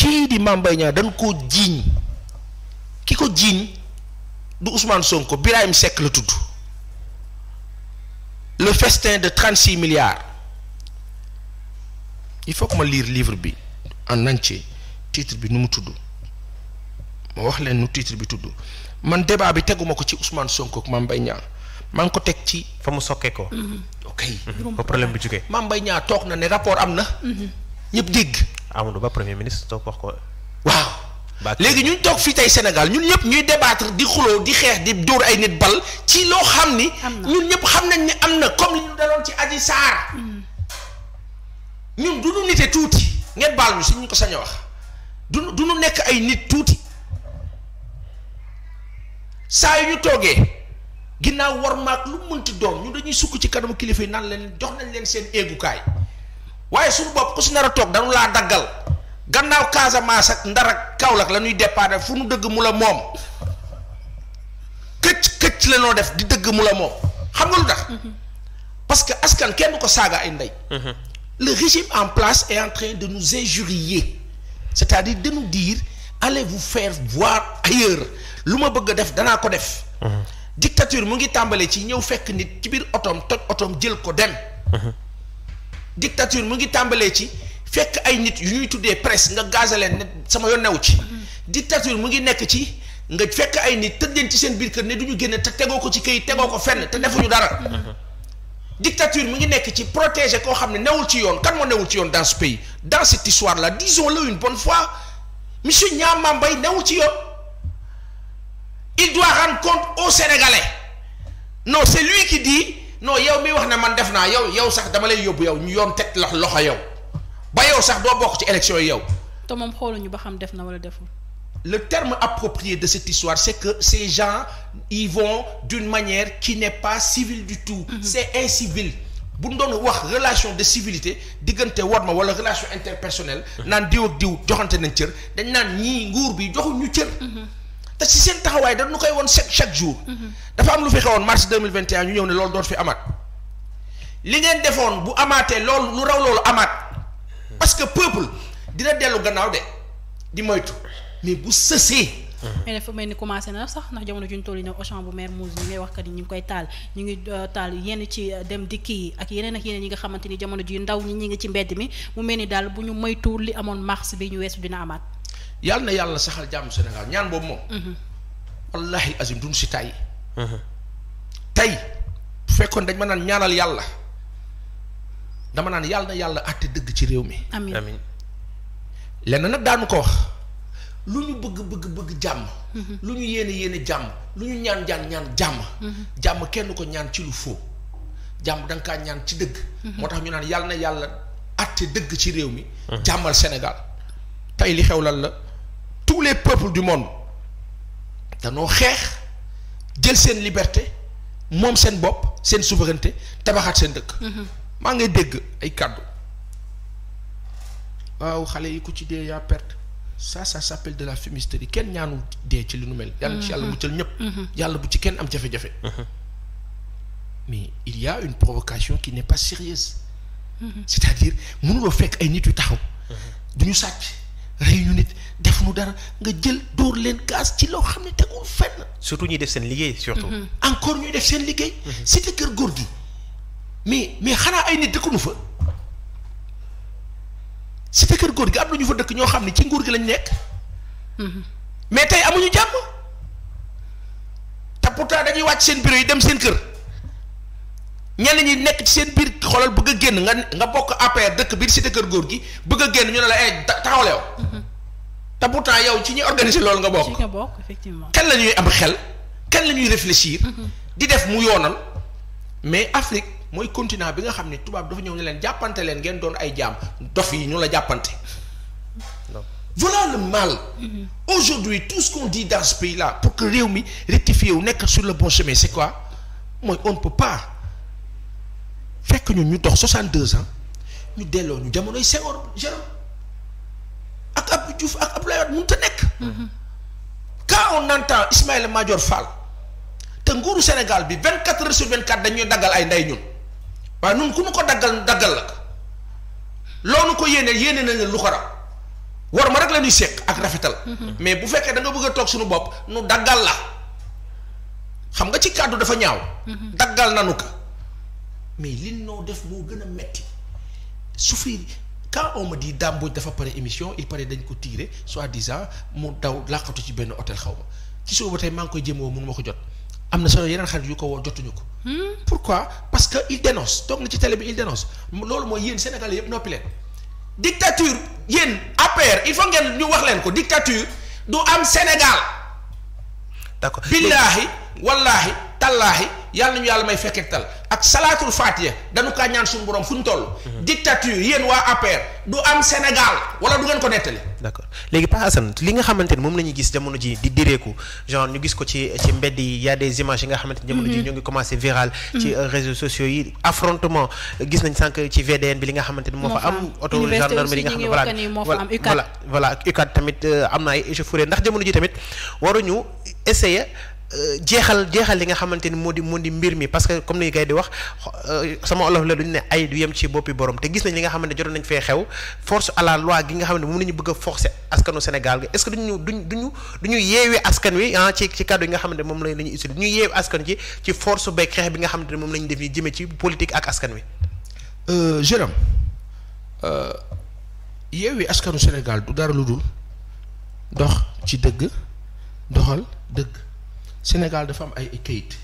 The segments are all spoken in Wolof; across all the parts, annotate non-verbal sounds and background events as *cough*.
kii di Mame Mbaye Niang ko jiiñ ki ko jiiñ du usmaan Sonko Birahim Seck la tudd le festin de trente six milliards il faut que ma liir livre bi en entier titre bi nu mu tudd ma wax leen nu titre bi tudd man débat bi teguma ko ci Ousmane Sonko ak Mame Mbaye maa ngi ko teg ci. fa mu sokkee ko. ok. ba problème bi jugee. Mame Mbaye toog na ne rapport am na. Mhm. ñépp dégg. Amadou Ba premier ministre toog wax ko. waaw léegi ñu toog fii tey Sénégal ñun ñëpp ñuy débattre di xuloo di xeex di dóor ay nit bal ci loo xam ni. ñun ñëpp xam nañ ni am na comme li ci Adji Sarr. Mm. ñun du ñu nite tuuti ngeen si ñu ko sañ wax du du ñu nekk ay nit tuuti saa yu ñu toogee. ginnaaw war maak lu mënti doom ñu dañuy sukk ci kanamu kilifa yi naan leen jox nañ leen seen eegukaay waaye suñu bopp ku si nar a toog dañu laa daggal gannaaw Casamance ak ndara ak Kaolack la ñuy départ fu nu dëgg mu la moom këcc këcc la noo def di dëgg mu la moom xam nga lu tax. parce que askan kenn ko saaga ay ndey. Mhm. le régime en place est en train de nous injurier c'est-à-dire de nous dire allez vous faire voir ailleurs lu ma bëgg def danaa ko def. Mhm. dictature mu ngi tàmbalee ci ñëw fekk nit ci biir otoom toj otoom jël ko dem. Mhm. dictature mu ngi tàmbalee ci fekk ay nit yu ñuy tuddee presque nga gaza leen ne sama yoon newu ci. dictature mu ngi nekk ci nga fekk ay nit tëj leen ci seen biir kër ne du ñu génn te tegoo ko ci këyit tegoo ko fenn te defuñu dara. dictature mu ngi nekk ci protéger koo xam ne newul ci yoon kat moo newul ci yoon dans ce pays dans cette histoire là disons-le une bon fois monsieur Niang Mame Mbaye newul ci yoon il doit rendre compte aux Sénégalais non c'est lui qui dit. non yow miy wax na man def naa yow yow sax dama lay yóbbu yow ñu yoon teg lox loxo yow ba yow sax doo bokk ci élection yi yow. te moom ñu ba xam def na wala defu le terme approprié de cette histoire c'est que ces gens y vont d'une manière qui ne pas civile du tout. Mm -hmm. c'est incivil. bu ñu doon wax relation de civilité diggante war ma wala relation interpersonnelle. *laughs* naan diw ak diw joxante nañ cër dañ naan ñii nguur bi joxuñu cër. Mm-hmm. te si seen taxawaay dañu koy woon chaque chaque jour. Mhm. dafa am lu fi xewoon mars deux mille vingt et un ñu ñëw ne loolu doot fi amaat. li ngeen defoon bu amaatee loolu lu raw loolu amaat parce que peuple dina dellu gannaaw de di moytu mais bu sësee. Mhm. mais mel ni commencé na sax ndax jamono juñ toll yi ne Auchan bu Mermoz ñi ngay wax kat yi ñu ngi koy taal ñu ngi euh, taal yenn ci euh, dem dikki yi ak yeneen ak yeneen yi nga xamante ni jamono ji ndaw ñi ñi ngi ci mbedd mi mu mel ni daal bu ñu moytu li amoon mars bi ñu weesu dina amaat. yàlla na yàlla saxal jàmm Sénégal ñaan boobu moom. Mhm. wallahi azim duñ si tay mhm. tey bu fekkoon dañ ma naan ñaanal yàlla dama naan yàlla yàlla àtte dëgg ci réew mi. amiin amiin lenn nag ko wax ñu bëgg bëgg bëgg jàmm. Mhm. lu ñu jàmm lu ñaan ñaan ñaan jàmm. jàmm kenn ko ñaan ci lu foo ñaan ci dëgg. tax ñu naan yàlla na yàlla àtte dëgg ci réew mi. jàmmal Sénégal tey li xew lan la. tous les peuples du monde danoo xeex jël seen liberté moom seen bopp seen souveraineté tabaxaat seen dëkk. Mhm. maa ngay dégg ay kàddu. waaw xale yi ku ci dee yaa perte sa ça s'appelle de la fumisterie kenn ñaanul dee ci li nu mel. yàlla ci yàlla mhm. muccal ñëpp. Mhm. yàlla bu ci kenn am jafe-jafe. mais il y a une provocation qui n'est pas sérieuse. c'est-à-dire mënuloo fekk ay nit yu taxaw. du ñu sàcc. rey ñu nit def nu dara nga jël dóor leen gaz ci loo xam ne tegul fenn. surtout ñuy def seen liggéey surtout. Mm-hmm. encore ñuy def seen liggéey. cité mm-hmm. kër góor gi mais mais xanaa ay nit dëkkuñu fa. cité kër góor gi am na ñu fa dëkk ñoo xam ne ci nguur gi lañu nekk. Mm-hmm. mais tey amuñu jàmm. te pourtant dañuy wàcc seen bureau yi dem seen kër. ñenn ñi nekk ci seen biir xoolal bëgg a génn nga nga bokk APR dëkk biir cité kër góor gi bëgg a génn ñu ne la ay eh, taxawleew te pourtant yow ci ñuy organiser loolu nga bokk. ci nga kan la ñuy am xel kan la ñuy réfléchir. Mhm. di def mu yoonal mais Afrique mooy continent bi nga xam ne tubaab dafa ñëw ne leen jàppante leen ngeen doon ay jaam dof yi ñu la jàppante. voilà le mal. Mhm. aujourd'hui tout ce qu'on dit pour que réew mi rectifier wu nekk sur le bon chemin c'est quoi mooy on ne peut fekk ñun ñu dox 62 ans ñu delloo ñu jamonoy Senghor ak Abdou Diouf ak Abdoulaye Wade mënut a nekk. quand on entend Ismaïla Madior Fall te nguuru senegal bi 24 heures sur 24 dañuy daggal ay ndey ñun waaye ñun ku nu ko daggal daggal la ko loolu ko yéene yéene na lu ko war ma rek la ñuy séq ak rafetal. mais bu fekkee da nga bëgg toog suñu bopp nu daggal la xam nga ci kàddu dafa ñaaw. daggal nanu ko mais li noo def moo gën a metti souffrir. quand on me dafa pare émission il paraît dañ ko tiré soi-disant mu daw làqatu ci benn hôtel xaw ma ci soo ba tey maa ngi koy jéem a woo mënu ma ko jot am na solo yeneen xarit yu ko woo jotuñu ko. Hmm? pourquoi parce que il dénonce toog na ci télé bi il dénonce loolu mooy yéen Sénégalais yëpp noppi leen. dictature yéen APR il faut ngeen ñu wax leen ko dictature du am Sénégal. d'accord billaahi wallaahi tallaahi yàlla nañu yàlla may fekkeek tal ak salaatul fatiha dañu kaa ñaan suñu borom fu ñu toll. dictature yéen waa APR du am Sénégal wala du ngeen ko nettali. d'accord léegi Pa Assane li nga xamante ni moom la ñuy gis jamono ji di direeku genre ñu gis ko ci ci mbedd yi y a yi nga xamante ni jamono ji mhm. ñoo ngi commencé viral. Mhm. ci euh, réseaux sociaux yi affrontement gis nañ sànq ci VDN bi li nga xamante ni moo fa am. auto gendarmerie nga xam ne voilà voilà voilà UCAD tamit euh, am na ay échauffourées ndax jamono ji tamit waruñu essayer. jeexal jeexal li nga xamante ni moo di moo di mbir mi parce que comme ni gars di wax euh, sama olof la duñ ne ay du yem ci boppi borom te gis nañ li nga xamante jotoon nañ fee xew force à la loi gi nga xam ne moom nañu bëgg a forcer askanu Sénégal gi est ce que duñu duñ duñu duñu yeewi askan wi ah ci ci yi nga xamante moom la ñuy utile duñu yeewi askan ci ci force bay xeex bi nga xamante ne moom la ñu def ni jëmee ci politique ak askan wi euh, Jérôme euh, yeewi askanu Sénégal du dara lu dul dox ci dëgg doxal dëgg Sénégal dafa am ay këyit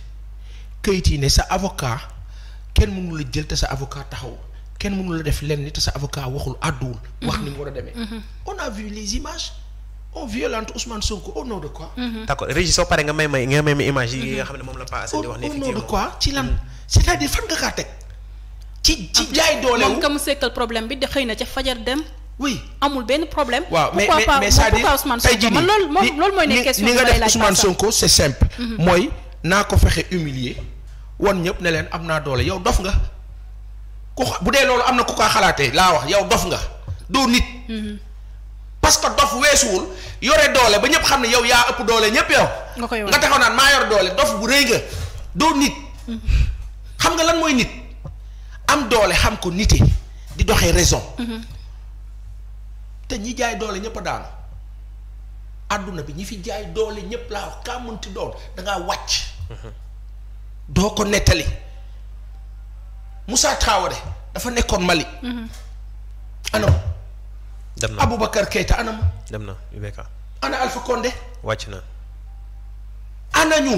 këyit yi ne sa avocat kenn mënu la jël te sa avocat taxaw kenn mënu la def lenn te sa avocat waxul àdduwul. wax ni mu war a demee. Mm-hmm. Mm-hmm. on a vu les images. on violente Ousmane Sonko au nom de quoi. Mm-hmm. d' accord soo paree nga may may nga may may image yi nga xam ne moom la Paa Assane di wax. ne effectivement au nom de quoi ci lan c' est à dire fan nga kaa teg. ci ci jaay doole moom ka mu sekkal problème bi de xëy na ca fajar dem. oui amul benn problème. waaw mais mais c'est-à-dire tey jii nii ni nga def Ousmane Sonko c'est simple. Mhm. mooy naa ko fexe humilier wan ñëpp ne leen am naa doole yow dof nga ku bu dee loolu am na ku kaa xalaatee laa wax yow dof nga doo nit. Mhm. parce que dof weesuwul yore doole ba ñëpp xam ne yow yaa ëpp doole ñëpp yow. nga taxaw naan maa yor doole dof bu rëy nga doo nit. Mhm. xam nga lan mooy nit am doole xam ko nite di doxee raison. te ñi jaay doole ñëpp a daanu àdduna bi ñi fi jaay doole ñëpp laa wax kaa mënti doon da wàcc. doo ko nettali Moussa Traoré dafa nekkoon Mali. Mhm. anam. dem na Aboubacar Keita anam. dem na UBK. ana Alpha Condé. wàcc na. ana ñu.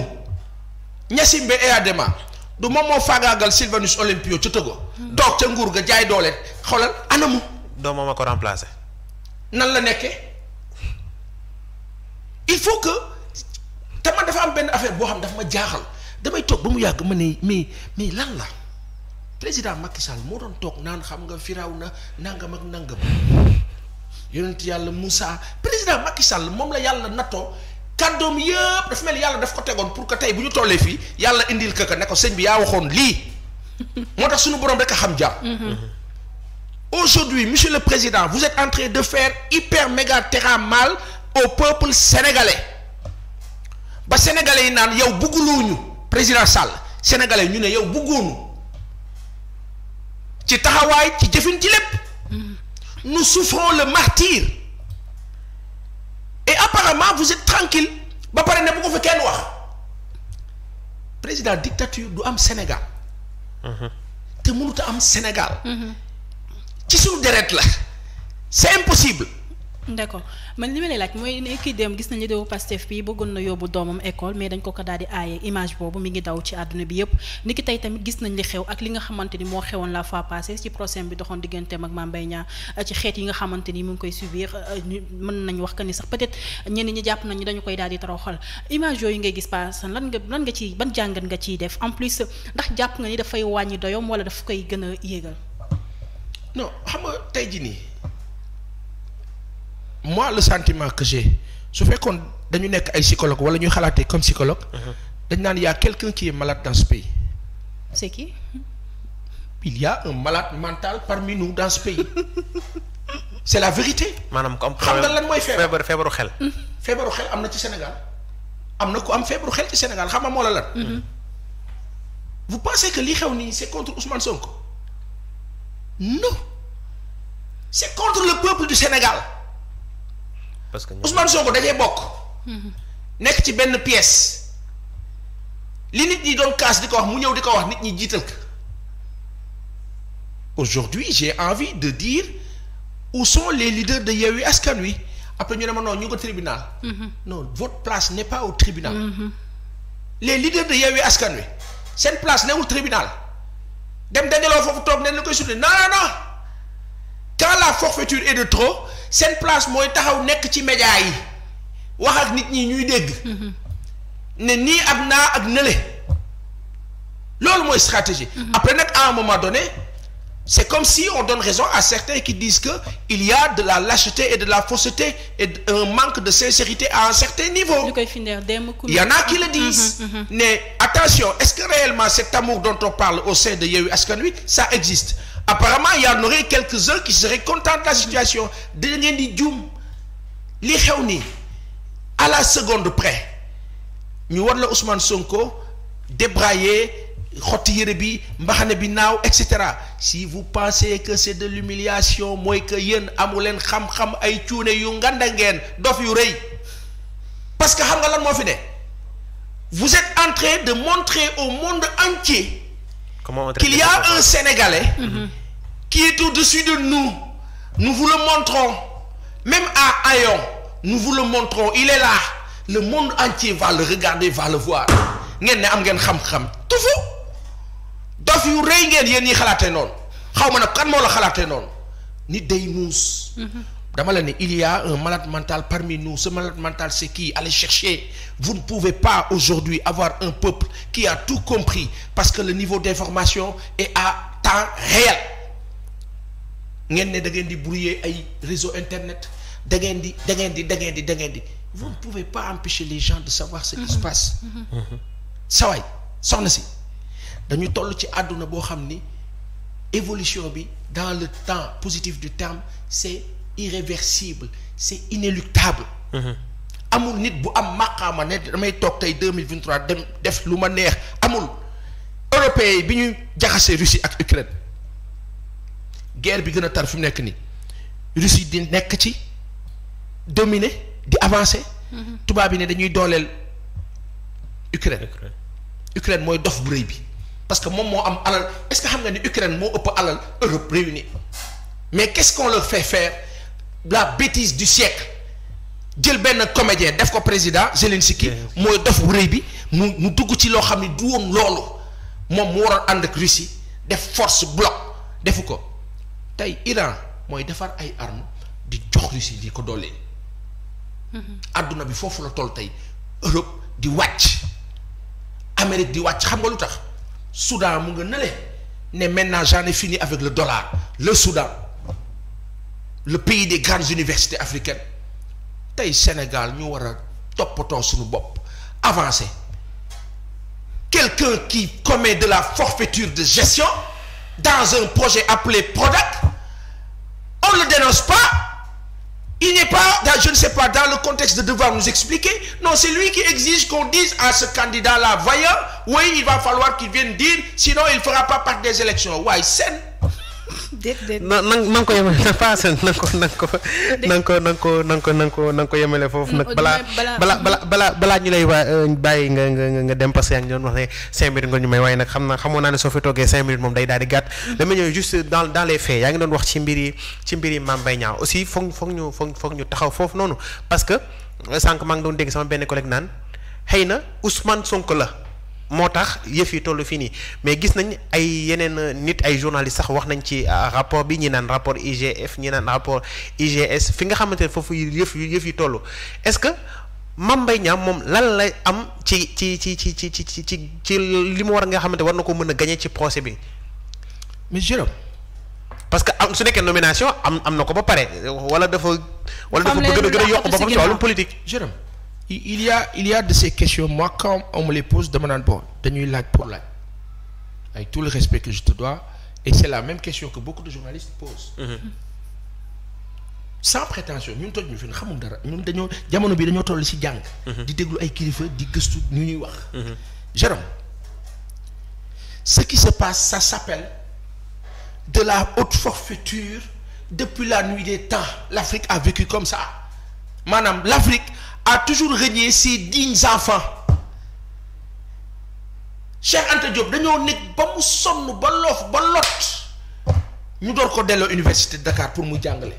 Gnassingbé Eyadéma du moom moo faagaagal Sylvanus Olympio ca Togo. Mhm. toog ca nguur ga jaay doole xoolal anamu. doomam a ko remplacé. nan la nekke il faut que te man dafa am benn affaire boo xam daf ma jaaxal damay toog ba mu yàgg ma ne mii mais lan la président Macky Sall moo doon toog naan xam nga firaw na nangam ak nangam yonent yàlla Moussa président Macky Sall moom la yàlla nattoo kàddoom yëpp dafa mel yàlla daf ko tegoon pour que tey bu ñu tollee fii yàlla indil këka ne ko sëñ bi yaa waxoon lii moo tax suñu borom rek a xam jàmm. Mm-hmm. aujourd'hui monsieur le président vous êtes en train de faire hyper méga terrain mal au peuple sénégalais ba sénégalais yi naan yow bëgguluñu président Sall sénégalais ñu ne yow bëggoonu ci taxawaay ci jëfin ci lépp mm. nous souffrons le martyre et apparemment vous êtes tranquille ba pare ne bu ko fa kenn wax président dictature du am Sénégal mm-hmm. te mënut am Sénégal. Mm-hmm. ci suñu deret la c'est impossible. d'accord man li ma laaj mooy ne kii dem gis nañ nañu vidéo Pastef bi bëggoon na yóbbu doomam école mais dañ ko ko daal di aaye image boobu mi ngi daw ci àdduna bi yëpp ni ki tey tamit gis nañ li xew ak li nga xamante ni moo xewoon la fois passée ci procès bi doxoon digganteem ak Mame Mbaye Niang euh, ci xeet yi nga xamante ni mu ngi koy subir euh, mën nañu wax que ni sax peut-être ñenn ñi jàpp nañu dañu koy daal di toroxal image yooyu ngay gis pas lan nga lan nga ci ban jàngat nga ciy def en ndax jàpp nga ni dafay wàññi doyom wala daf koy gën a yéegal no xam nga tey jii nii moi le sentiment que su fekkoon dañu nekk ay psychologue wala ñuy xalaatee comme psychologue. Uh-huh. dañ naan y a quelqu'un qui est malade dans ce pays. c'est qui. il y a un malade mental parmi dans ce pays *laughs* c'est la vérité. maanaam comme xam nga lan mooy feebar feebaru xel. Mm-hmm. feebaru xel am na ci Sénégal am na ko am feebaru xel ci Sénégal xam na moo la lan. Mm-hmm. vous pensez que li xew nii c'est contre Ousmane Sonko non. c'est contre le peuple du Sénégal. parce que Ousmane Sonko dajee bokk. nekk ci benn pièce. li nit ñi doon kaas di ko wax mu ñëw di ko wax nit ñi jiital ko. aujourd'hui j'ai envie de dire où sont les leaders de yi Askan Wi après ñu ne ma non ñu ngi ko tribunal. Mm-hmm. non votre place n'est pas au tribunal. Mm-hmm. les leaders de yi Askan Wi seen place newul tribunal. dem dajaloo foofu toog ne la koy sutee non non non. quand la forfaiture est de trop seen place mooy taxaw nekk ci média yi wax ak nit ñi ñuy dégg mm-hmm. ne nii ak naa ak nële loolu mooy stratégie mm-hmm. après nag à un moment donné c'est comme si on donne raison à certains qui disent que il y a de la lâcheté et de la fausseté et un manque de sincérité à un certain niveau il y en a qui le mm-hmm, disent mais attention est-ce que réellement cet amour dont on parle au sein de Yewwi Askan Wi ça existe apparemment il y en aurait quelques-uns qui seraient contents de la situation da di juum li xew nii à la seconde près ñu war la Ousmane Sonko débrailler xotti yére bi mbaxane bi naaw et si vous pensez que c'est de l'humiliation mooy que yéen amu leen xam-xam ay cuune yu nganda ngeen dof yu rëy parce que xam nga lan moo fi ne vous êtes en de montrer au monde entier comment on qu'il y a un Sénégalais mm-hmm. qui est au de nous nous vous le montrons même à Ayon nous vous le montrons il est là le monde entier va le regarder va le voir ngeen ne am ngeen xam-xam tufu dof yu rëy ngeen yéen ñi xalaatee noon xaw ma nag kan moo la xalaatee noon nit day muus mm-hmm. dama la ne il y a un malade mental parmi nous ce malade mental c'est qui allez chercher vous ne pouvez pas aujourd'hui avoir un peuple qui a tout compris parce que le niveau d'information est à temps réel ngeen ne da ngeen di brouiller ay réseau internet da ngeen di da di da di da ngeen di vous ne pouvez pas empêcher les gens de savoir ce qui se passe sawaay soxna si dañu toll ci àdduna boo xam ni évolution bi dans le temps positif du terme c'est irréversible c'est inéluctable uh-huh. amul nit bu am màqaama ne damay toog tey deux mille vingt dem def lu ma neex amul européens bi ñu jaxasee Russie ak Ukraine guerre bi gën a tar fi mu nekk nii Russie di nekk ci dominer di avancer. Uh-huh. tubaab yi ne dañuy dooleel Ukraine. Ukraine mooy dof bu réy bi parce que moom moo am alal est-ce que xam nga ni Ukraine moo ëpp alal Europe réunie mais qu'est-ce fait faire la bêtise du siècle jël benn comédien def ko président Zelensky mooy dof bu bi mu mu dugg ci loo xam ne du woon loolu moom mu waroon ànd ak Russie def force bloc defu ko tey Iran mooy defar ay armes di jox Russie di ko dooleel. àdduna mhm. bi foofu la toll tey Europe di wàcc Amérique di wàcc xam nga lu tax Soudan mu nga nële ne maintenant j'en ai fini avec le dollar le Soudan. le pays des grandes universités africaines tey Sénégal ñu war a toppatoo suñu bopp avancé quelqu'un qui commet de la forfaiture de gestion dans un projet appelé PRODAC on ne le dénonce pas il n'est pas dans, je ne sais pas dans le contexte de devoir nous expliquer non c'est lui qui exige qu'on dise à ce candidat-là voyons oui il va falloir qu'il vienne dire sinon il fera pas partie des élections waaye sen déet na na nga ko yemale na faa seen na nga ko na nga ko na nga ko na nga ko na nga ko na nga ko yemale foofu nag. Mm, balaa balaa balaa balaa ñu lay euh, bàyyi nga nga nga dem parce que yaa ngi doon wax ne cinq minutes nga ñu may waaye nag xam naa xamoon naa ne soo fi toogee cinq minutes moom day daal di gàtt. Mm. dama ñëw juste dans dans les faits yaa ngi doon wax ci mbir yi ci mbir yi Mame Mbaye Niang aussi foog foog ñu foog foog ñu taxaw foofu noonu parce que euh, sànq maa ngi doon dégg sama benn collègue naan xëy na Ousmane Sonko la. moo tax yëf yi toll fii nii mais gis nañ ay yeneen nit ay journalistes sax wax nañ ci euh, rapport bi ñi naan rapport IGF ñi naan rapport IGS fi nga xamante ne foofu yëf yëf yi toll est-ce que Mame Mbaye Niang moom lan la am ci ci ci ci ci ci ci ci li mu war a nga xamante war na ko mën a gañe ci procès bi. mais Jérôme. parce que am su nekkee nomination am am na ko ba pare wala dafa. wala dafa bëgg a gën a yokk boppam ci wàllum politique Jérôme. il y a il y a de ces questions moi quand on me pose dama naan bon dañuy laaj pour laaj avec tout le respect que je te dois et c'est la même question que beaucoup de journalistes posent mm -hmm. sans prétention ñun toj ñu fi xamul dara moom dañoo jamono bi dañoo toll ci jàng mm-hmm. di déglu ay kilifa di gëstu ñu ñuy wax mm-hmm. Jérôme ce qui se passe ça s'appelle de la haute forfaiture depuis la nuit des temps l'Afrique a vécu comme ça maanaam l'Afrique a toujours régné ses dignes enfants Cheikh Anta Diop dañoo nekk ba mu sonn ba loof ba lot ñu door ko delloo université de Dakar pour mu jàngale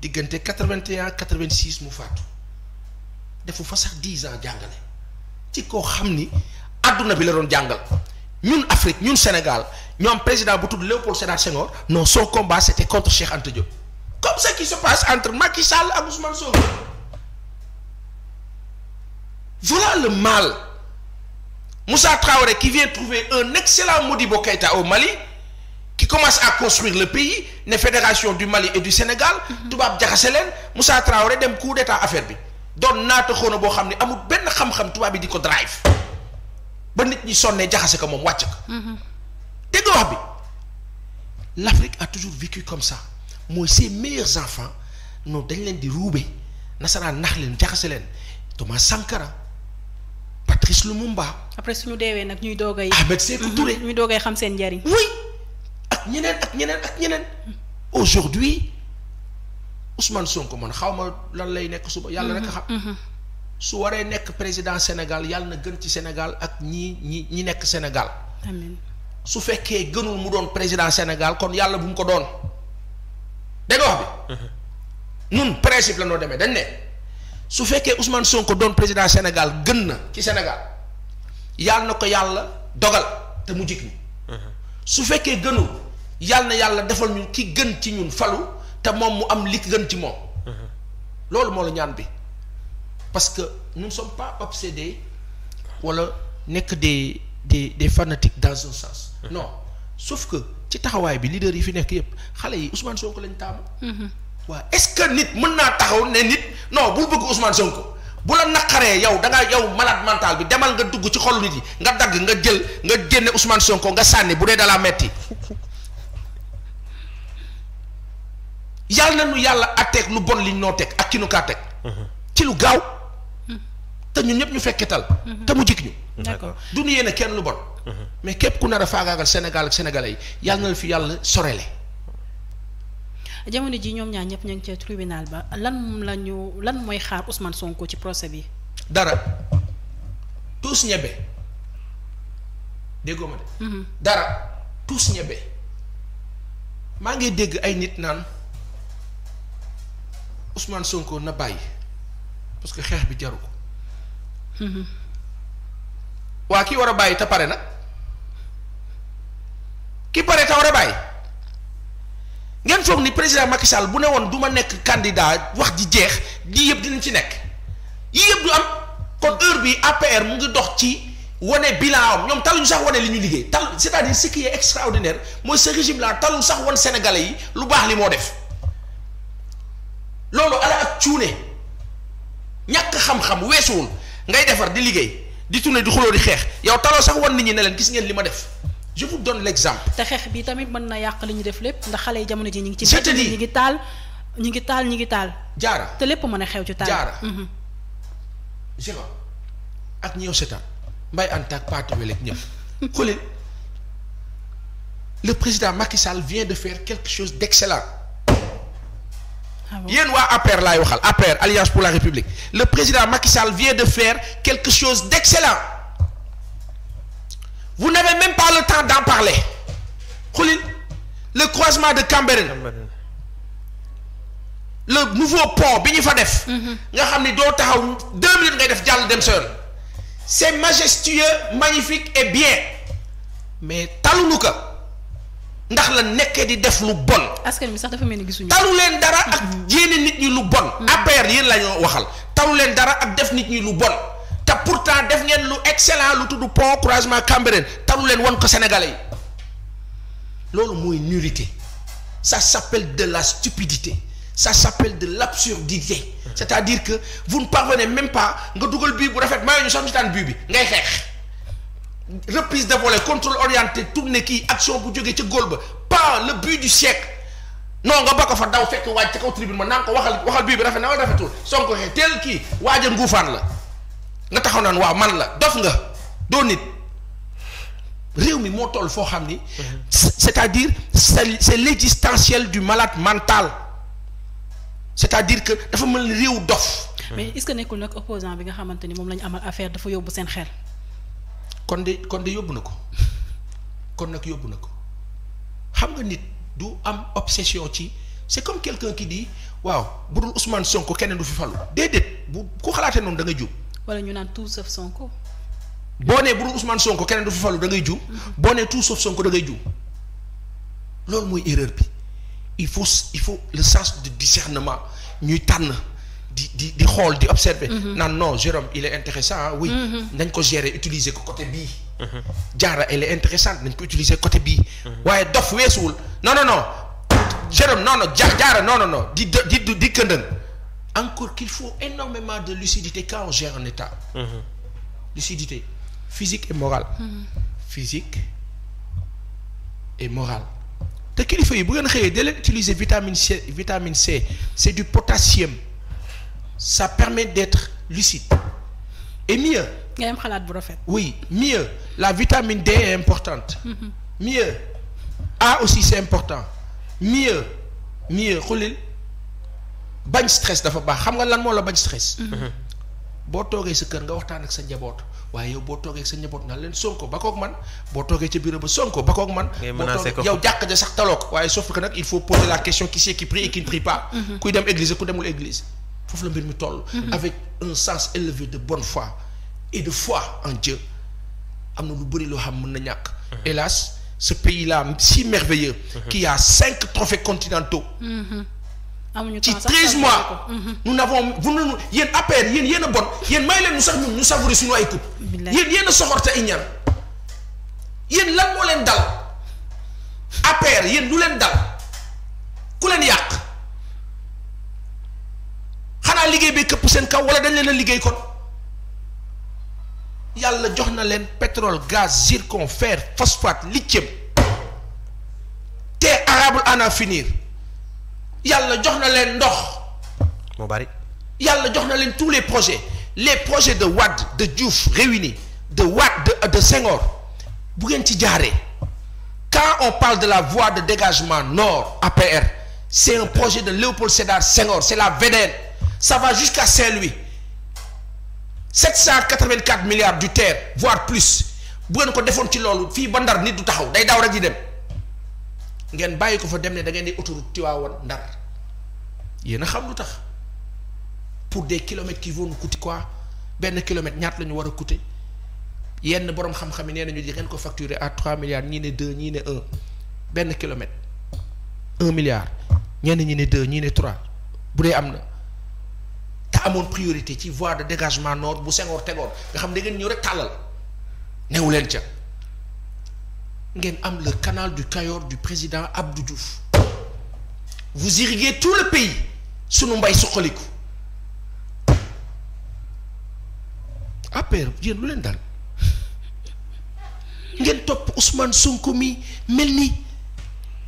diggante quatre vingt et quatre vingt six mu faatu defu fa sax dix ans jàngale ci koo xam ni àdduna bi la doon jàngal ñun Afrique ñun Sénégal ñoom président bu tudd Léopold Sédar Senghor non son combat c'était contre Cheikh Anta Diop comme ce qui se passe entre Macky Sall ak Ousmane Sonko. voilà le mal Moussa Traoré qui vient trouver un excellent Modibo Keïta au Mali qui commence à construire le pays ne fédération du Mali et du Sénégal mhm. tubaab jaxase leen Moussa Traoré dem coup d'état affaire bi doon naata xóona boo xam ne amul benn xam-xam tubaab yi di ko drive ba nit ñi sonnee jaxase ko moom wàcc ko mhm. dégg nga wax bi l'Afrique a toujours vécu comme ça mooy ses meilleurs enfants noonu dañ leen di ruube nasaraan nax leen jaxase Patrice Lumumba. après ñu deewee nag ñuy doogay. Ahmed Sékou mhm. Touré ñuy doogay xam seen njariñ. oui ak ñeneen ak ñeneen ak ñeneen. aujourd'hui Ousmane ko man xaw ma lan lay nekk suba yàlla rek a xam. Mhm. Mhm. su waree nekk président Sénégal yàlla na gën ci Sénégal ak ñi ñi ñi nekk Sénégal. su fekkee gënul mu doon président Sénégal kon yàlla bu mu ko doon. dégg bi. ñun principe la noo demee dañ ne. su fekkee Ousmane Sonko doon président Sénégal gën na ci Sénégal yàlla na ko yàlla dogal te mu jig ñu su fekkee gënu yàlla na yàlla defal ñu ki gën ci ñun falu te moom mu am li gën ci moom loolu moo la ñaan bi parce que nous ne sommes pas obsédés wala nekk des des des fanatique dans un sens non sauf que ci taxawaay bi leader yi fi nekk yépp xale yi Ousmane Sonko lañ taamu waaw est-ce que nit mën naa taxaw ne nit non bul bëgg Ousmane Sonko bu la naqaree yow da nga malaat malade bi demal nga dugg ci xol nit yi nga dagg nga jël nga génne Ousmane Sonko nga sànni bu dee dalaa metti yàlla na nu yàlla atteeg lu bon li noo teg ak ki nu kaa ci lu gaaw te ñun ñëpp ñu fekketal te mu jik ñu. d'accord du ñu kenn lu bon. Mhm. mais képp ku nar a faagaagal Sénégal ak sénégalais yi yàlla na la fi yàlla sorele. jamono ji ñoom ñaar ñëpp ña ngi ca tribunal ba lan la ñu lan mooy xaar Ousmane Sonko ci procès bi. dara tuus ñebe déggoo ma de. Mhm. dara tuus ñebe maa ngi dégg ay nit naan Ousmane Sonko na bàyyi parce que xeex bi jaru ko. Mhm. waa ki war a bàyyi te pare nag ki pare te war a bàyyi. ngeen foog ni président Macky Sall bu ne woon du ma nekk candidat wax ji jeex di yëpp dinañ ci nekk yi yëpp du am kon heure bi APR mu ngi dox ci wone bilan am ñoom taluñu sax wane li ñu liggéey tal c'est-à-dire ce qui est extraordinaire mooy ce régime laa talu sax won sénégalais yi lu baax li moo def loolu ala ak cuune ñàkk xam-xam weesuwul ngay defar di liggéey di tourner di xuloo di xeex yow taloo sax wan nit ñi ne leen gis ngeen li ma def je vous donne l'exemple. te xeex bi tamit mën na yàq li ñu def lépp ndax xale yi jamono ji ñu ngi ci. je te dis ñu ngi taal ñu ngi taal ñu ngi taal. jaara te lépp mën a xew ci taal. jaara. Géva mhm. ak ñëw seetaan mbay ànd ak parti wele ak ñëpp *laughs* xoolal le président Macky Sall vient de faire quelque chose d'excellent. Ah yéen waa APR laay waxal APR Alliance pour la République le président Macky Sall vient de faire quelque chose d'excellent. vous n'avez même pas le temps d'en parler xulil le croisement de Cambérène le nouveau pont bi ñu fa def mhm. nga xam ni doo taxaw deux minutes ngay def jàll dem seur c'est majestueux magnifique et bien mais talunu ko ndax la nekkee di def lu bon. askan bi sax dafa mel ni gisuñu. talu leen dara ak yéene mhm. nit ñi lu bon. Mhm. APR yéen la ñu waxal talu leen dara ak def nit ñi lu bon. te pourtant def ngeen lu excellent lu tudd pont croisement Cambérène talu leen won ko sénégalais loolu mooy nullité ça s'appelle de la stupidité ça s'appelle de l'absurdité c'est-à-dire que vous ne parvenez même pas nga dugal bii bu rafet maa ñu sax bii bi ngay xeex reprise de volée contrôle orienté tourné kii action bu jóge ca góol ba pas le but du siècle non nga bokk fa daw fekk waaj ca kaw tribune ma naa ko waxal bii bi rafet na wala rafetul Sonko xee teel kii waaj a nguufaan la nga taxaw naan waaw man la dof nga doo nit réew mi moo toll foo xam ni. Mhm. c'est-à-dire c'est c'est l'existentiel du malade mental c'est-à-dire que dafa mën ni réew dof. mais est-ce que nekkul nag opposant bi nga xamante ni moom la ñu amal affaire dafa yóbbu seen xel. kon de kon de yóbbu na ko kon nag yóbbu na ko xam nga nit du am obsession ci c'est comme quelqu'un qui di waaw budul Ousmane Sonko keneen du fi falu déedéet bu ku xalaatee noonu da nga jub. wala ñu naan tout sauf Sonko. boo nee bu dul Ousmane Sonko keneen du fi falu da ngay juum. boo nee tout sauf Sonko da ngay juum loolu mooy erreur bi il faut il faut le sens de discernement ñuy tànn. di di xool di observer. Mm -hmm. naan non Jérôme il est intéressant ah oui. Mhm. nañ ko gérer utiliser ko côté bii. Mhm. jaara elle est intéressante nañ ko utiliser côté bii. Mhm. waaye dof weesuwul non non non Jérôme non non ja jaara noo non non di di di këndëng encore qu'il faut énormément de lucidité quand on gère un État. Mmh. lucidité physique et morale. Mhm. physique et morale. te kilifa yi bu ngeen xëyee da leen utiliser vitamine C vitamine C c'est du potassium ça permet d'être lucide et mieux. bu rafet. oui mieux la vitamine D est importante. Mmh. mieux A aussi c'est important mieux mieux bañ stress dafa baax xam nga lan moo la bañ stress. Mm-hmm. Mm-hmm. boo toogee sa kër nga waxtaan ak sa njaboot waaye yow boo toogee sa njaboot naan leen sonko ba koog man boo toogee ca bureau ba sonko ba koog man. boo toogee yow jàkk ja sax talook waaye sauf que nag il faut poser la question qui c'est qui prie et qui ne prie pas. Mm-hmm. kuy dem église ku demul église foofu la mbir mi toll. avec un sens élevé de bonne foi et de foi en Dieu am na lu bëri loo xam mën na ñàkk. hélas ce pays là si merveilleux. qui a cinq trophées continentaux. amuñu ci treize mois. Mhm. nous n'avons vous ne yéen APR yéen yéen bon yéen may leen ñu sax ñun ñu savourer suñu ay coupe. yéen yéen a soxorte ay ñam. yéen lan moo leen dal APR yéen lu leen dal ku leen yàq xanaa liggéey bi këpp seen kaw wala dañ leen a liggéey kon yàlla jox na leen petrole gaz zircon fer phosphate lithium te arable en à finir. yàlla jox na leen ndox. moo bari. yàlla jox na leen tous les projets les projets de Wade de Diouf réunis de Wade de de bu ngeen ci jaaree quand on parle de la voie de dégagement nord APR c'est un projet de Léopold Sédar Senghor c'est la VDN ça va jusqu'à Saint-Louis 784 milliards du terre voire plus bu ngeen ko defoon ci loolu fii ba Ndar nit du taxaw day daw rek di dem ngeen bàyyi ko fa dem ne da ngeen di autoroute Tivaouane Ndar yéen a xam lu tax pour des kilomètres qui vont nous coûter quoi benn kilomètre ñaata la ñu war a coûter yenn borom xam-xam yi nee nañu di ngeen ko facturer à trois milliards ñii ne deux ñii ne un benn kilomètre un milliard ñenn ñi ne deux ñii ne trois bu dee am na te amoon priorité ci voie de dégagement nord bu Senghor tegoon nga xam da ngeen ñëw rek tàllal newu leen ca ngeen am la canal du Cayor du président Abdou Diouf vous irriguez tout le pays sunu mbay suqaliku APR yéen lu leen dal ngeen topp Ousmane Sonko mi mel nii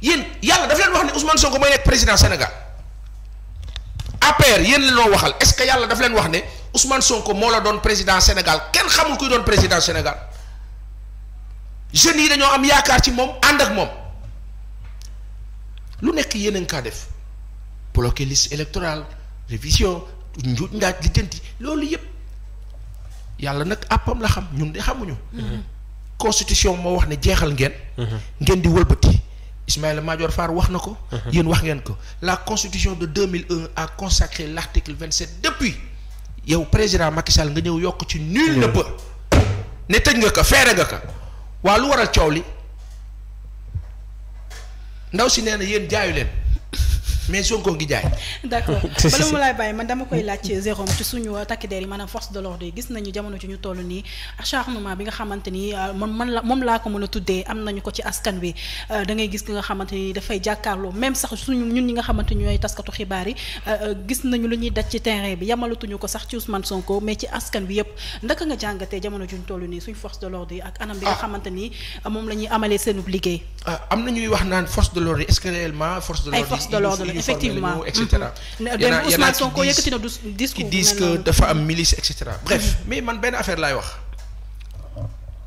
yéen yàlla daf leen wax ne Ousmane Sonko mooy nekk président Sénégal APR yéen la waxal est-ce que yàlla daf leen wax ne Ousmane Sonko moo la doon président Sénégal kenn xamul kuy doon président Sénégal jeunes yi dañoo am yaakaar ci moom ànd ak moom lu nekk yéen a ngi kaa def. bloqué liste électorale révision njuuj ndaaj loolu yëpp yàlla nag àppam la xam ñun de xamuñu mhm. constitution moo wax ne jeexal ngeen mhm. ngeen di wëlbati Ismaïla Madior Fall wax na ko mhm. yéen wax ngeen ko la constitution de 2001 a consacré l'article 27 depuis yow président Macky Sall nga ñëw yokk ci nu ne peut ne tëj nga ko feere nga ko waa lu waral coow li ndaw si nee na jaayu leen mais Sonko ngi jaay. d' accord *laughs* bala mu laay bàyyi man dama koy laaj ci zéro ci suñu takk der yi maanaam force de l'ordre yi ni euh, man man la moom laa ko mën a tuddee am nañu ko ci askan wi euh, da ngay gis ki nga xamante ni dafay jàkkaarloo même sax suñu ñun ñi nga xamante ni ñooy taskatu xibaar yi euh, gis nañu lu ñuy daj ci terrain bi yamalatuñu ko sax ci Ousmane Sonko mais ci askan wi yëpp ndaka nga jàngatee jamono ci ñu toll nii suñu force de l'ordre yi ak anam bi nga ah. moom la ñuy amalee seenub liggéey. Ah, am na ñuy wax naan force de l'ordre est-ce force de l'ordre effectivement et cetera. dem mm-hmm. Ousmane Sonko yëkkati na du discours. qui disent que dafa am milice et mm-hmm. bref mais man benn affaire laay wax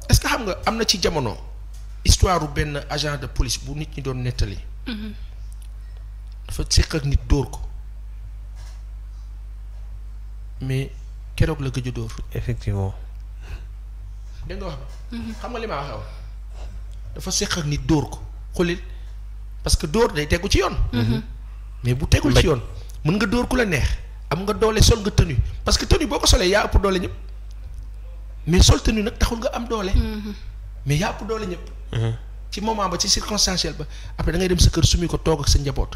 est que xam nga am na ci jamono histoire benn agent de police bu nit ñi doon nettali. Mm-hmm. dafa séq nit dóor ko mais keroog la gëj a dóor. effectivement. dafa séq nit dóor ko xulil parce que dóor day tegu ci yoon. mais bu tegul ci yoon mën nga dóor ku la neex am nga doole sol nga tenue parce que tenue boo ko solee yaa ëpp doole ñëpp mais sol tenue nag taxul nga am doole. Mm-hmm. mais yaa ëpp doole ñëpp. Mm-hmm. ci moment ba ci circonstanciel ba après dangay dem sa kër summi ko toog ak sa njaboot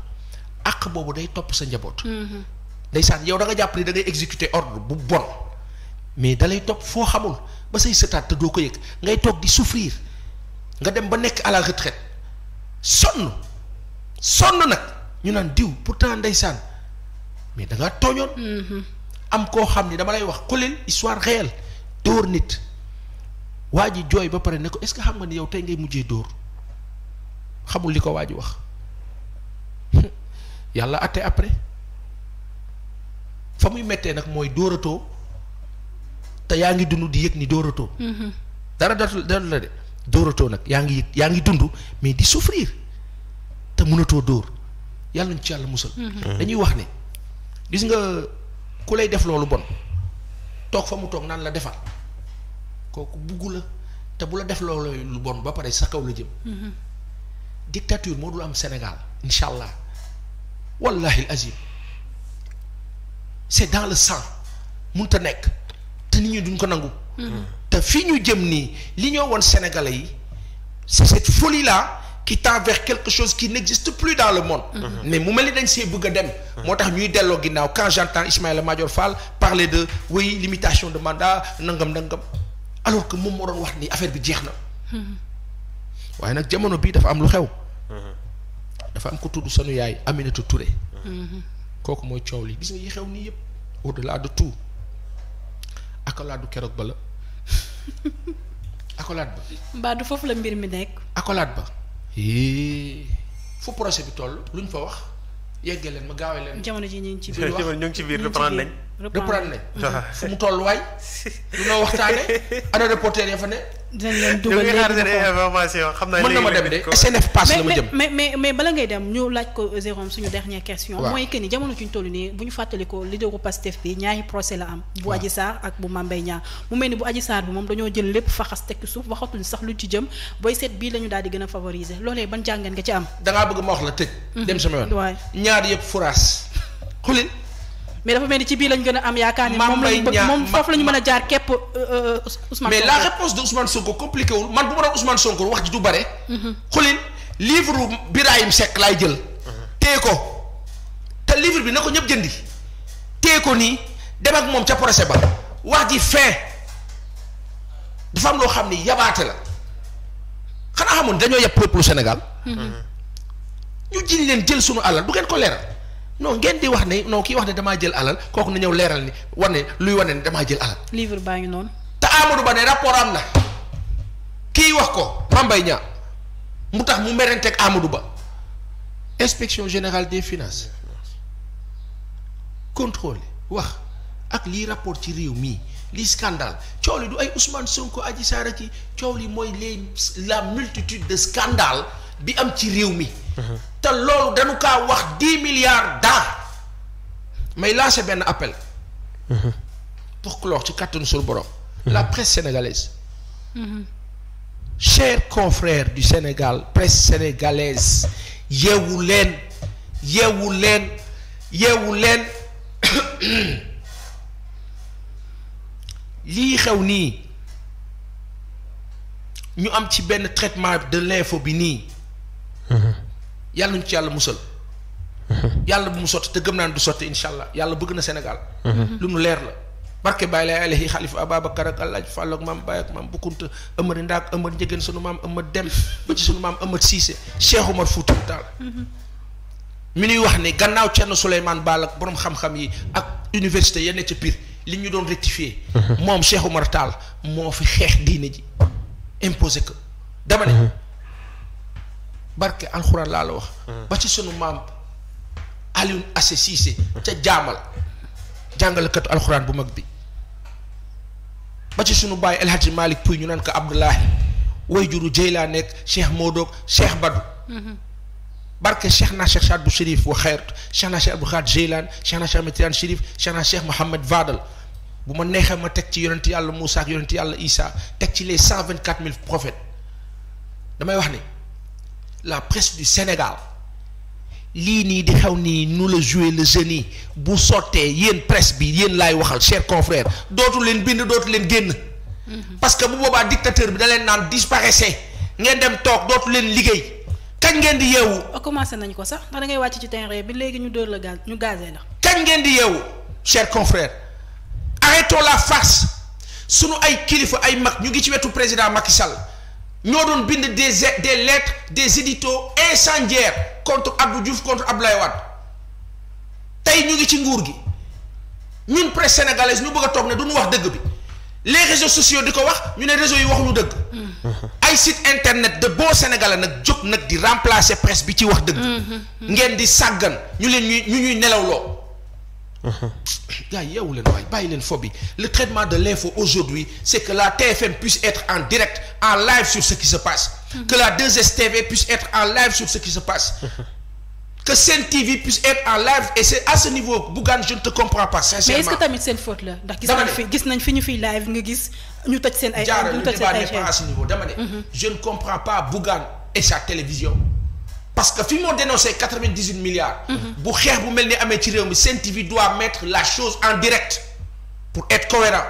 àq boobu day topp sa njaboot. Mm-hmm. ndeysaan yow da nga jàpp ni da ngay exécuter ordre bu bon mais dalay topp foo xamul ba say sëtaat te doo ko yëg ngay toog di souffrir nga dem ba nekk à la retraite sonn nag. ñu naan diw pourtant ndeysaan mais da ngaa tooñoon. Mm-hmm. am koo xam ni dama lay wax xulil histoire réelle dóor nit waa ji jooy ba pare ne ko est-ce que xam nga ni yow tey ngay mujjee dóor xamul li ko waa ji wax *laughs* yàlla àtte après fa muy mettee nag mooy dóoratoo te yaa ngi dund di yëg ni dóoratoo. Mm-hmm. dara dootul dootul la de dóoratoo nag yaa ngi yëg yaa ngi dund mais di souffrir te mënatoo dóor. yàlla nañ ci yàlla musal. Mhm. dañuy wax ne gis nga ku lay def loolu bon toog fa mu toog naan la defal kooku bugg la te bu la def loolu lu bon ba pare sa kaw la jëm. Mhm. dictature moo dul am Sénégal incha allah wallahi azim c'est dans le sang mënut a nekk te nit ñi duñ ko nangu. Mhm. te fii ñu jëm nii li ñoo woon Sénégalais yi c'est cette folie là. qui tend vers quelque chose qui n'existe plus dans le monde. Mm -hmm. mais mu mel ni dañ see bëgg a dem. Mm-hmm. moo tax ñuy delloo ginnaaw quand j'entends Ismaïla Madior Fall parler de oui limitation de mandat nangam nangam alors que moom moo doon wax ni affaire bi jeex na. Mm-hmm. waaye nag jamono bii dafa am lu xew. dafa am ko tudd sunu yaay Aminata Touré. kooku mooy coow li gis yi xew nii yëpp au delà de tout accolade keroog ba la *laughs* accolade ba. mbaa du foofu la mbir mi nekk. ba. fu projet bi toll ñu fa wax yeggee leen ma gaawee leen. jamono ji ñu ngi ci biir wax ñu ngi nañ. reprendre ne ah. fu mu toll waay *laughs* dunoo waxtaane ana reporter ya fa ne dinañ leen dugal information xam naa mën na ma de SNF pass la ma jëm mais mais mais bala ngay dem ñu laaj ko euh, Jérôme suñu dernière mooy que ni jamono ci ñu toll nii bu ñu fàttaliko leaderu Pastef bi ñaari procès la am bu Adji Sarr ak bu Mame Mbaye Niang mel ni bu Adji Sarr bi moom dañoo jël lépp faxas tekki suuf waxatuñ sax lu ci jëm booy seet bii la ñu daal di gën a favoriser loolee ban jàngan nga ci am dangaa bëgg ma wax la tëj mhm. dem sama yoon ñaar mais dafa mel ni ci bii lañ gën a am yaakaar ni moom lañ bëgg moom foofu la ñu mën a jaar képp euh, euh, Ousmane mais la réponse de Ousmane Sonko compliqué wul man bu ma doon Ousmane Sonko wax ji du bare mhm. xulin livre Birahim Seck laay jël mhm. téye ko te livre bi na ko ñëpp jëndi téye ko nii dem ak moom ca procès ba wax ji fin dafa am loo xam ni yabaate la xanaa xamoon dañoo yab peuple Sénégal mhm. ñu jiñ leen jël sunu alal du ngeen ko leeral non ngeen di wax ne non kii wax ne damaa jël alal kooku na ñëw leeral ni wane luy wane ne damaa jël alal. livre baa ngi noonu. te Amadou Ba ne rapport am na kii wax ko Mambay ña mu tax mu merenteeg Amadou Ba inspection général des finances contrôle wax ak lii rapport ci réew mi lii scandale coow li du ay Ousmane Sonko aji Sarr ci coow li mooy les la multitude de scandale bi am ci réew mi. te loolu dañu kaa wax dix milliards daa may lancer benn appel. pour clore ci kàttanu suñu borom. la presse sénégalaise. chers confrères du Sénégal presse sénégalaise yeewu leen yeewu leen yeewu leen *coughs* lii xew nii ñu am ci benn traitement de l'info bi nii. yàlla nañu ci yàlla musal. *laughs* yàlla bu mu sotti te gëm naa ne du sotti incha allah yàlla bëgg na Sénégal. *laughs* lu mu leer la. barke Baye lay alayhi xalifa Ababacar ak Alaaji Fall ak maam Baye ak maam Bukunta Amady Ndaak Amady Njëgeen sunu maam Amady Dem ba ci sunu maam Amady Cissé Cheikh Omar Fouta Tall. *laughs* mi wax ne gannaaw na Souleymane Baal ak borom xam-xam yi ak université yenn ca Pire li ñu doon rectifier. moom Cheikh Omar moo fi xeex diine ji imposé ko. barke alxuraan laa la wax. Mm. ba ci sunu maam Alioune Assé Cissé ca jaamal jàngalekatu alxuraan bu mag bi ba ci sunu baay El Hadj Malick ñu naan ko Abdoulahi way juru jëy laa nekk Cheikh Modoog Cheikh Badou. Mm-hmm. barke Cheikh naa Cheikh Saad bu Chérif wa xeer Cheikh naa Cheikh Abdou Khadre Jeylaan naa Cheikh Ahmed Tidiane Chérif naa Cheikh Mohamed Vadal bu ma neexee ma teg ci yonent yàlla Moussa ak yonent yàlla Issa teg ci les cent vingt quatre mille prophètes damay wax ni. la presse du Sénégal lii nii di xew nii nu la jouer le jeu bu sottee yéen presse bi yéen laay waxal chers confrères dootu leen bind dootu leen génn. Mhm. parce que bu boobaa dictateur bi da leen naan disparaissez ngeen dem toog dootu leen liggéey. kañ ngeen di yeewu. Oh, commencé nañ ko sax ndax da ngay wàcc ci terrain bi léegi ñu dóor la gaz ñu gazee la. kañ ngeen di yeewu. chers confrères arrêtons la farce sunu ay kilifa ay mag ñu ngi ci wetu président Macky Sall. ñoo doon bind des des lettres des éditos incendiaires contre Abdou Diouf contre Abdoulaye Wade tey ñu ngi ci nguur gi ñun presse sénégalaise ñu bëgg a toog ne duñu wax dëgg bi les réseaux sociaux di ko wax ñu ne réseau yi waxuñu dëgg. ay site internet de bons sénégalais nag jóg nag di remplacer presse bi ci wax dëgg. Mm-hmm. ngeen di sàggan ñu leen ñuy ñu ñuy nelaw nelawloo. gars yi yeewu leen waay bàyyi leen le traitement de l'info aujourd'hui c'est que la TFM puisse être en direct en live sur ce qui se passe que la 2STV puisse être en live sur ce qui se passe et c'est à ce niveau Bougane je ne te comprends pas sincèrement mais est-ce que tamit seen faute la ndax gis nañ fi gis nañ fi ñu fiy live nga gis ñu toj seen ay ñu toj seen ay à ce niveau dama mhm. je ne comprends pas Bougane et sa télévision parce que fi moo dénoncé quatre-vingt-dix-huit milliards. bu xeex bu mel ni amee ci réew mi Sen TV doit mettre la chose en direct pour être cohérent.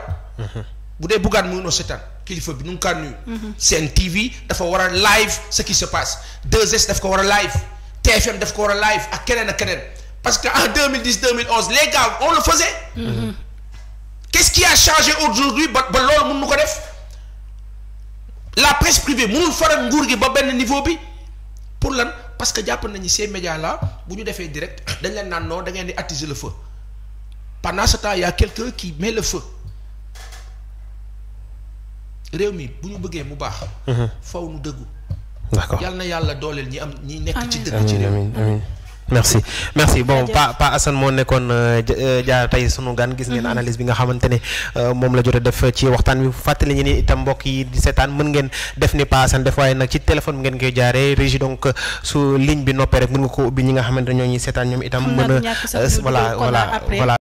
bu dee buggaan mu noo seetaan kilifa bi nu ngi kaa nuyu. Sen TV dafa war a live ce qui se passe 2S daf ko war a live TFM daf ko war a live ak keneen ak keneen parce que en 2010 2011 les gars on le faisait. Mm -hmm. qu'est-ce qui a changé aujourd'hui ba ba loolu mën nu ko def la presse privée mënul faral nguur gi ba benn niveau bi pour lan. parce que jàpp nañu ces médias là bu ñu defee direct dañ leen naan non dangeen di attiser le feu pendant ce temps y a quelqu'un qui met le réew mi bu ñu bëggee mu baax. Mhm. faw nu dëggu. yal na yàlla dooleel ñi am ñi nekk ci dëgg. ci réew merci merci bon Pa Pa Assane moo nekkoon euh, jaar euh, tey sunu gan gis ngeen mhm. analyse bi nga xamante ne euh, moom la jot a def ci waxtaan bi fàttali ñu ni itam mbokk yi di seetaan mën ngeen def ni Pa Assane def waaye nag ci téléphone ngeen koy jaaree régie donc su ligne bi noppee rek mën nga ko ubbi ñi nga xamante ne ñoo ñuy seetaan ñoom itam mën a voilà voilà voilà